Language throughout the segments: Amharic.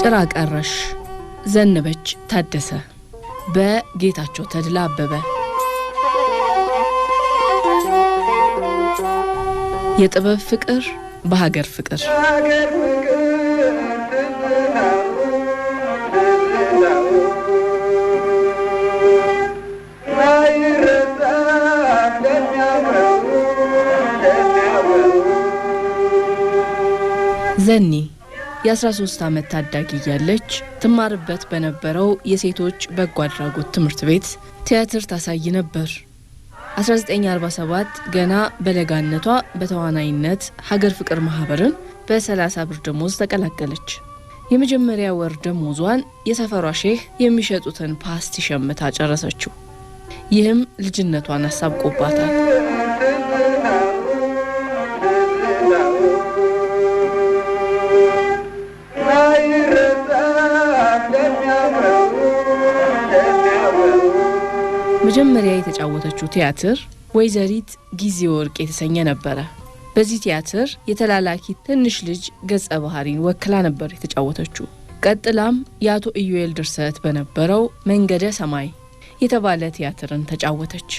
ጭራ ቀረሽ ዘነበች ታደሰ በጌታቸው ተድላ አበበ የጥበብ ፍቅር በሀገር ፍቅር ዘኒ የ13 ዓመት ታዳጊ እያለች ትማርበት በነበረው የሴቶች በጎ አድራጎት ትምህርት ቤት ቲያትር ታሳይ ነበር። 1947 ገና በለጋነቷ በተዋናይነት ሀገር ፍቅር ማህበርን በ30 ብር ደሞዝ ተቀላቀለች። የመጀመሪያ ወር ደሞዟን የሰፈሯ ሼህ የሚሸጡትን ፓስቲ ሸምታ ጨረሰችው። ይህም ልጅነቷን አሳብቆባታል። መጀመሪያ የተጫወተችው ቲያትር ወይዘሪት ጊዜ ወርቅ የተሰኘ ነበረ። በዚህ ቲያትር የተላላኪ ትንሽ ልጅ ገጸ ባህሪን ወክላ ነበር የተጫወተችው። ቀጥላም የአቶ ኢዩኤል ድርሰት በነበረው መንገደ ሰማይ የተባለ ቲያትርን ተጫወተች።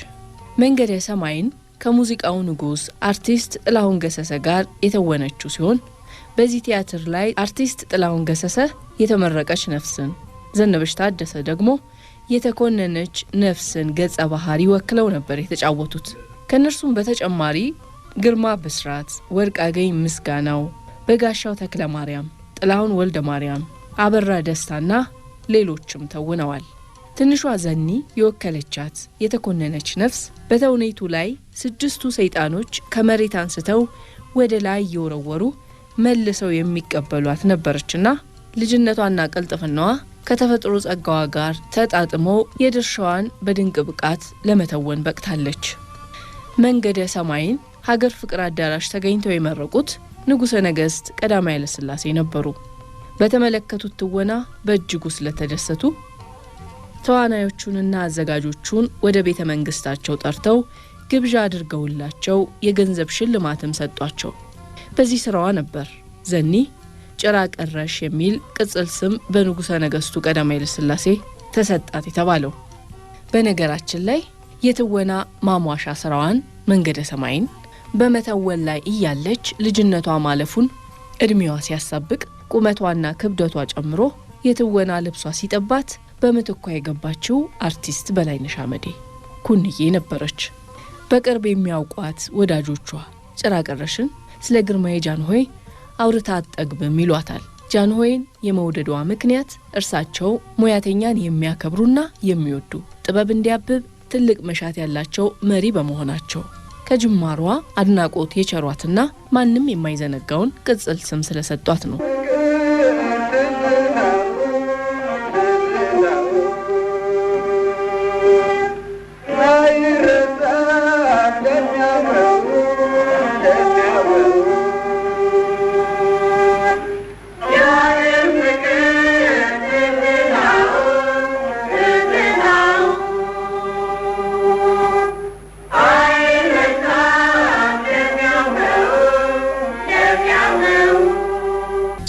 መንገደ ሰማይን ከሙዚቃው ንጉሥ አርቲስት ጥላሁን ገሰሰ ጋር የተወነችው ሲሆን በዚህ ቲያትር ላይ አርቲስት ጥላሁን ገሰሰ የተመረቀች ነፍስን፣ ዘነበች ታደሰ ደግሞ የተኮነነች ነፍስን ገጸ ባህሪ ወክለው ነበር የተጫወቱት። ከእነርሱም በተጨማሪ ግርማ ብስራት፣ ወርቅአገኝ ምስጋናው፣ በጋሻው ተክለ ማርያም፣ ጥላሁን ወልደ ማርያም፣ አበራ ደስታና ሌሎችም ተውነዋል። ትንሿ ዘኒ የወከለቻት የተኮነነች ነፍስ በተውኔቱ ላይ ስድስቱ ሰይጣኖች ከመሬት አንስተው ወደ ላይ እየወረወሩ መልሰው የሚቀበሏት ነበረችና ልጅነቷና ቅልጥፍናዋ ከተፈጥሮ ጸጋዋ ጋር ተጣጥሞ የድርሻዋን በድንቅ ብቃት ለመተወን በቅታለች። መንገደ ሰማይን ሀገር ፍቅር አዳራሽ ተገኝተው የመረቁት ንጉሠ ነገሥት ቀዳማዊ ኃይለሥላሴ ነበሩ። በተመለከቱት ትወና በእጅጉ ስለተደሰቱ ተዋናዮቹንና አዘጋጆቹን ወደ ቤተ መንግሥታቸው ጠርተው ግብዣ አድርገውላቸው የገንዘብ ሽልማትም ሰጧቸው። በዚህ ስራዋ ነበር ዘኒ ጭራ ቀረሽ የሚል ቅጽል ስም በንጉሠ ነገሥቱ ቀዳማዊ ኃይለ ሥላሴ ተሰጣት የተባለው። በነገራችን ላይ የትወና ማሟሻ ስራዋን መንገደ ሰማይን በመተወን ላይ እያለች ልጅነቷ ማለፉን እድሜዋ ሲያሳብቅ ቁመቷና ክብደቷ ጨምሮ የትወና ልብሷ ሲጠባት በምትኳ የገባችው አርቲስት በላይነሽ አመዴ ኩንዬ ነበረች። በቅርብ የሚያውቋት ወዳጆቿ ጭራ ቀረሽን ስለ ግርማዬ ጃንሆይ አውርታ አትጠግብም ይሏታል። ጃንሆይን የመውደዷ ምክንያት እርሳቸው ሙያተኛን የሚያከብሩና የሚወዱ ጥበብ እንዲያብብ ትልቅ መሻት ያላቸው መሪ በመሆናቸው ከጅማሯ አድናቆት የቸሯትና ማንም የማይዘነጋውን ቅጽል ስም ስለሰጧት ነው።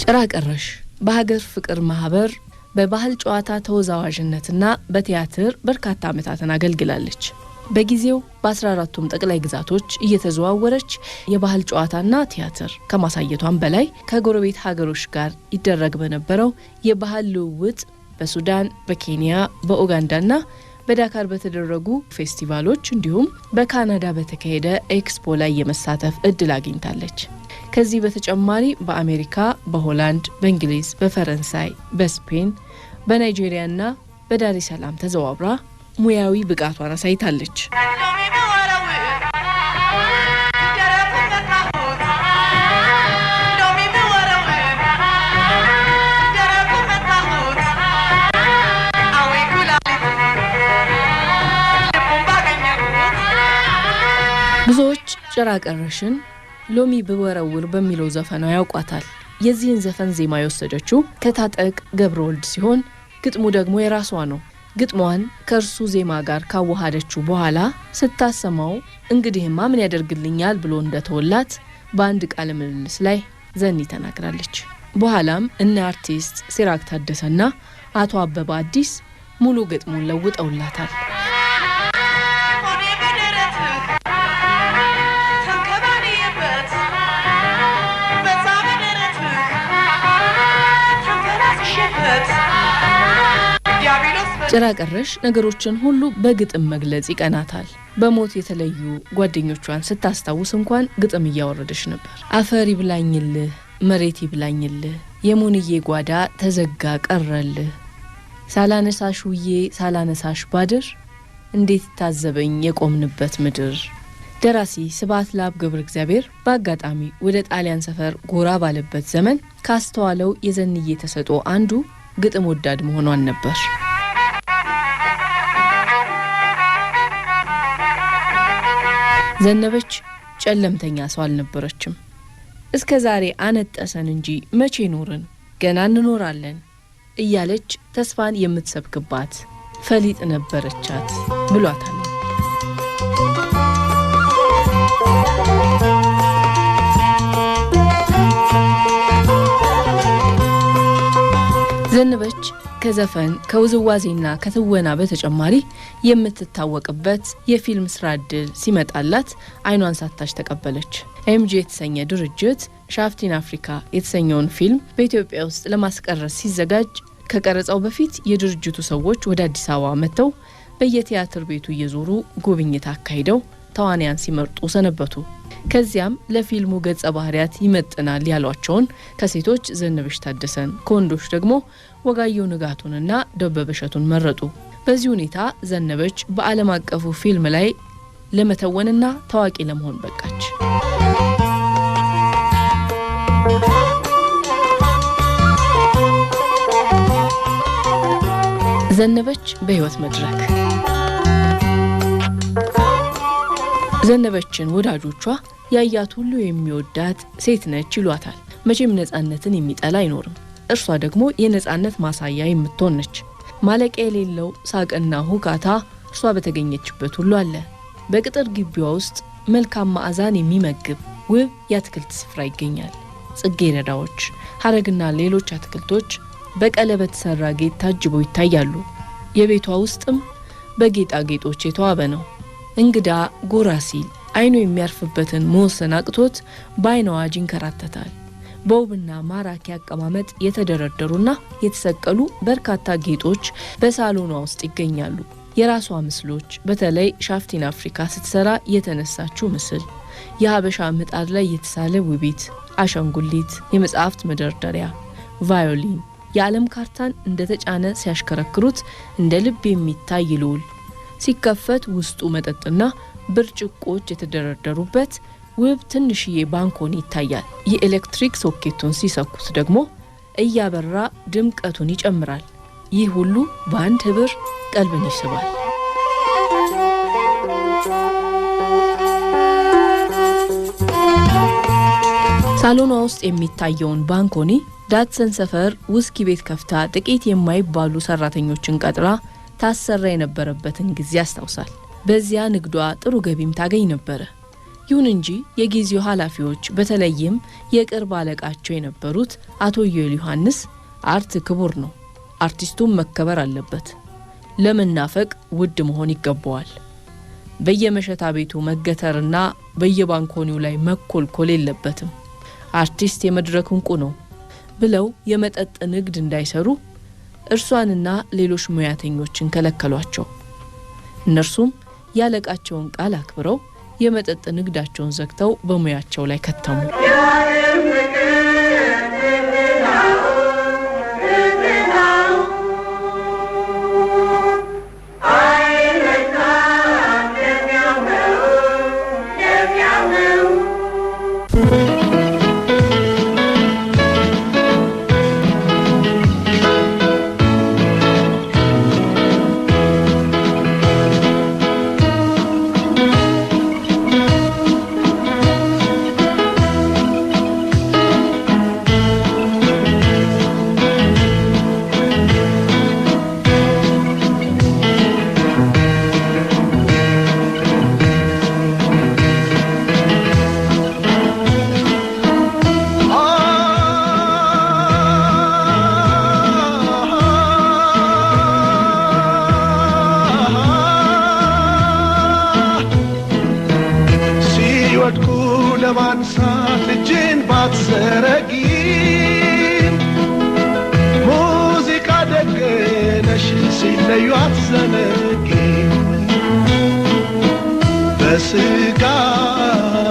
ጭራ ቀረሽ በሀገር ፍቅር ማህበር በባህል ጨዋታ ተወዛዋዥነትና በቲያትር በርካታ ዓመታትን አገልግላለች። በጊዜው በ14ቱም ጠቅላይ ግዛቶች እየተዘዋወረች የባህል ጨዋታና ቲያትር ከማሳየቷን በላይ ከጎረቤት ሀገሮች ጋር ይደረግ በነበረው የባህል ልውውጥ በሱዳን፣ በኬንያ፣ በኡጋንዳና በዳካር በተደረጉ ፌስቲቫሎች እንዲሁም በካናዳ በተካሄደ ኤክስፖ ላይ የመሳተፍ እድል አግኝታለች። ከዚህ በተጨማሪ በአሜሪካ፣ በሆላንድ፣ በእንግሊዝ፣ በፈረንሳይ፣ በስፔን፣ በናይጄሪያና በዳሬ ሰላም ተዘዋብራ ሙያዊ ብቃቷን አሳይታለች። ብዙዎች ጭራ ቀረሽን ሎሚ ብወረውር በሚለው ዘፈኗ ያውቋታል። የዚህን ዘፈን ዜማ የወሰደችው ከታጠቅ ገብረ ወልድ ሲሆን ግጥሙ ደግሞ የራሷ ነው። ግጥሟን ከእርሱ ዜማ ጋር ካዋሃደችው በኋላ ስታሰማው እንግዲህማ ምን ያደርግልኛል ብሎ እንደተወላት በአንድ ቃለ ምልልስ ላይ ዘኒ ተናግራለች። በኋላም እነ አርቲስት ሲራክ ታደሰና አቶ አበባ አዲስ ሙሉ ግጥሙን ለውጠውላታል። ጭራ ቀረሽ ነገሮችን ሁሉ በግጥም መግለጽ ይቀናታል። በሞት የተለዩ ጓደኞቿን ስታስታውስ እንኳን ግጥም እያወረደች ነበር። አፈር ይብላኝልህ፣ መሬት ይብላኝልህ፣ የሙንዬ ጓዳ ተዘጋ ቀረልህ፣ ሳላነሳሽ ውዬ ሳላነሳሽ ባድር፣ እንዴት ታዘበኝ የቆምንበት ምድር። ደራሲ ስብሐት ለአብ ገብረ እግዚአብሔር በአጋጣሚ ወደ ጣሊያን ሰፈር ጎራ ባለበት ዘመን ካስተዋለው የዘንዬ ተሰጦ አንዱ ግጥም ወዳድ መሆኗን ነበር። ዘነበች ጨለምተኛ ሰው አልነበረችም። እስከ ዛሬ አነጠሰን እንጂ መቼ ኖርን፣ ገና እንኖራለን እያለች ተስፋን የምትሰብክባት ፈሊጥ ነበረቻት ብሏታል። ዘንበች ከዘፈን ከውዝዋዜና ከትወና በተጨማሪ የምትታወቅበት የፊልም ስራ እድል ሲመጣላት አይኗን ሳታሽ ተቀበለች። ኤምጂ የተሰኘ ድርጅት ሻፍቲን አፍሪካ የተሰኘውን ፊልም በኢትዮጵያ ውስጥ ለማስቀረጽ ሲዘጋጅ ከቀረጻው በፊት የድርጅቱ ሰዎች ወደ አዲስ አበባ መጥተው በየቲያትር ቤቱ እየዞሩ ጉብኝት አካሂደው ተዋንያን ሲመርጡ ሰነበቱ። ከዚያም ለፊልሙ ገጸ ባህሪያት ይመጥናል ያሏቸውን ከሴቶች ዘንብሽ ታደሰን፣ ከወንዶች ደግሞ ወጋየሁ ንጋቱንና ደበበ እሸቱን መረጡ። በዚህ ሁኔታ ዘነበች በዓለም አቀፉ ፊልም ላይ ለመተወንና ታዋቂ ለመሆን በቃች። ዘነበች በሕይወት መድረክ ዘነበችን ወዳጆቿ ያያት ሁሉ የሚወዳት ሴት ነች ይሏታል። መቼም ነፃነትን የሚጠላ አይኖርም። እርሷ ደግሞ የነፃነት ማሳያ የምትሆን ነች። ማለቂያ የሌለው ሳቅና ሁካታ እርሷ በተገኘችበት ሁሉ አለ። በቅጥር ግቢዋ ውስጥ መልካም ማዕዛን የሚመግብ ውብ የአትክልት ስፍራ ይገኛል። ጽጌረዳዎች፣ ሀረግና ሌሎች አትክልቶች በቀለበት ሰራ ጌጥ ታጅበው ይታያሉ። የቤቷ ውስጥም በጌጣጌጦች የተዋበ ነው። እንግዳ ጎራ ሲል አይኑ የሚያርፍበትን መወሰን አቅቶት በአይናዋ ይንከራተታል። በውብና ማራኪ አቀማመጥ የተደረደሩና የተሰቀሉ በርካታ ጌጦች በሳሎኗ ውስጥ ይገኛሉ። የራሷ ምስሎች፣ በተለይ ሻፍቲን አፍሪካ ስትሰራ የተነሳችው ምስል፣ የሀበሻ ምጣድ ላይ የተሳለ ውቢት፣ አሻንጉሊት፣ የመጽሐፍት መደርደሪያ፣ ቫዮሊን፣ የዓለም ካርታን እንደተጫነ ሲያሽከረክሩት እንደ ልብ የሚታይ ይልውል ሲከፈት ውስጡ መጠጥና ብርጭቆች የተደረደሩበት ውብ ትንሽዬ ባንኮኒ ይታያል። የኤሌክትሪክ ሶኬቱን ሲሰኩት ደግሞ እያበራ ድምቀቱን ይጨምራል። ይህ ሁሉ በአንድ ህብር ቀልብን ይስባል። ሳሎኗ ውስጥ የሚታየውን ባንኮኒ ዳትሰን ሰፈር ውስኪ ቤት ከፍታ ጥቂት የማይባሉ ሰራተኞችን ቀጥራ ታሰራ የነበረበትን ጊዜ ያስታውሳል። በዚያ ንግዷ ጥሩ ገቢም ታገኝ ነበረ። ይሁን እንጂ የጊዜው ኃላፊዎች በተለይም የቅርብ አለቃቸው የነበሩት አቶ ዮል ዮሐንስ አርት ክቡር ነው፣ አርቲስቱም መከበር አለበት፣ ለመናፈቅ ውድ መሆን ይገባዋል፣ በየመሸታ ቤቱ መገተርና በየባንኮኒው ላይ መኮልኮል የለበትም፣ አርቲስት የመድረክ እንቁ ነው ብለው የመጠጥ ንግድ እንዳይሰሩ እርሷንና ሌሎች ሙያተኞችን ከለከሏቸው። እነርሱም ያለቃቸውን ቃል አክብረው የመጠጥ ንግዳቸውን ዘግተው በሙያቸው ላይ ከተሙ። ስጋ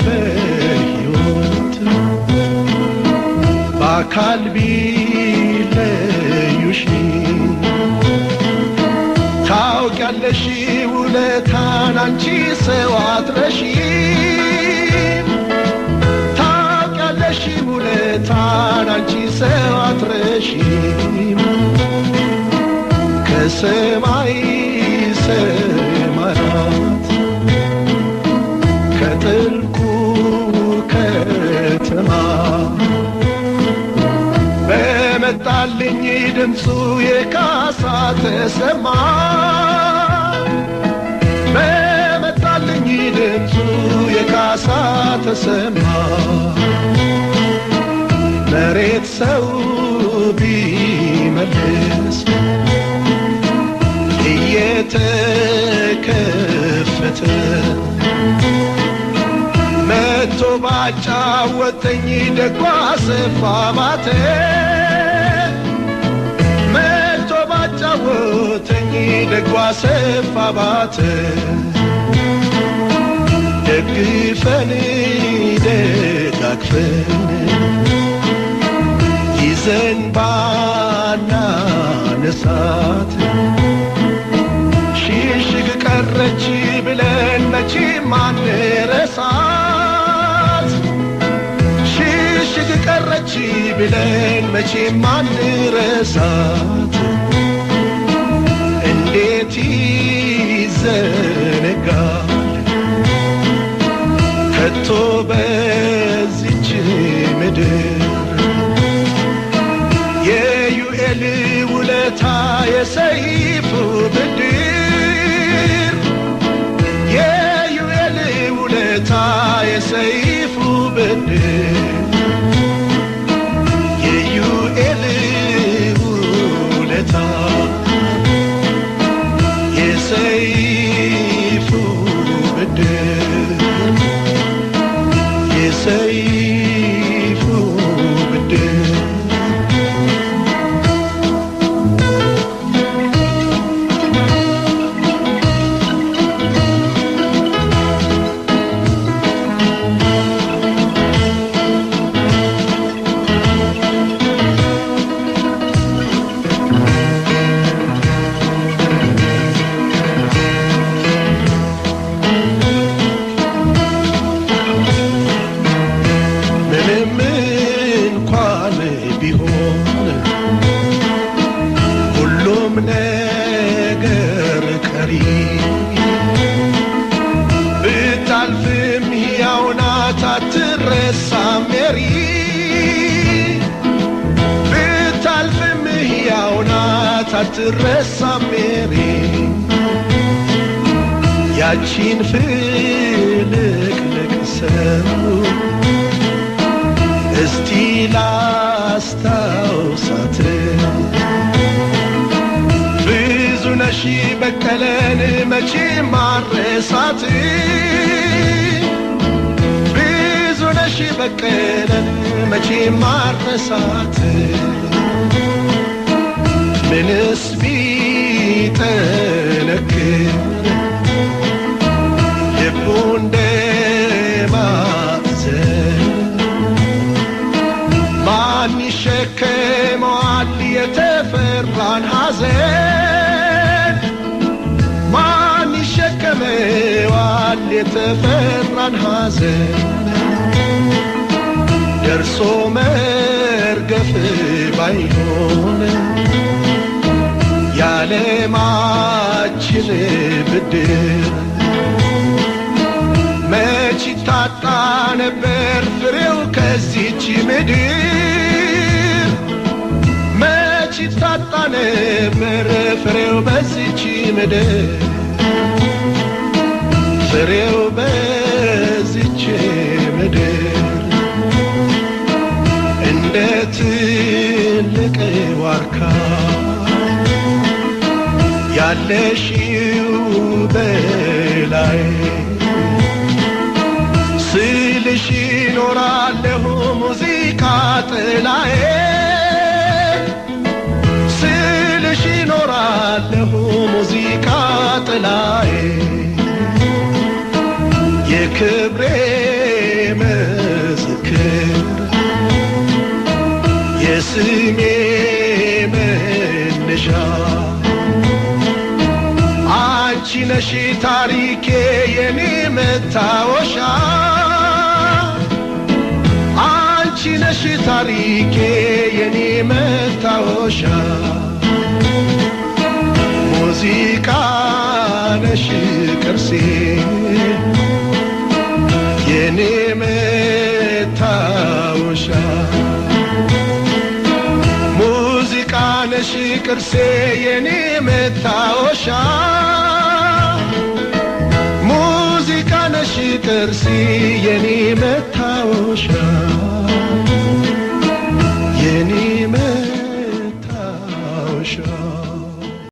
በሕይወት በአካል ቢለዩሽ ታውቂያለሽ ውለታን አንቺ ሰው አትረሺ ታውቂያለሽ ውለታን አንቺ ሰው አትረሺ ከሰማ ድምፁ የካሳ ተሰማ በመጣልኝ ድምፁ የካሳ ተሰማ መሬት ሰው ቢመልስ እየተከፈተ መቶ ባጫወተኝ ደጓ ሰፋ ማተር tenile quase favate Epifeni de takfeni Gizen bana nesat Şişik karreçi bilen meçi maneresat Şişik karreçi bilen meçi maneresat ይዘነጋል ከቶ በዚች ምድር say እሳት ብዙ ነሽ በቀለን መቼም አረሳት ምንስ ቢጠነክር ልቡ እንደ ማዘን ማን ይሸከመዋል የተፈራን ሐዘን ያልፋል የተፈራን ሐዘን ደርሶ መርገፍ ባይሆን ያለማችን ብድር መች ታጣ ነበር ፍሬው ከዚች ምድር መች ታጣ ነበር ፍሬው በዚች ምድር ዋርካ ያለሽው በላይ ስልሽ ኖራለሁ ሙዚቃ ጥላዬ ስልሽ ኖራለሁ ሙዚቃ ጥላዬ የክብሬ ምስክር የስሜ አንቺ ነሽ ታሪኬ የኔ መታወሻ አንቺ ነሽ ታሪኬ የኔ መታወሻ ሙዚቃ ነሽ ቅርሴ የኔ መታወሻ ሙዚቃ ነሽ ቅርሴ የኔ መታወሻ ደርሲ የኔ መታወሻ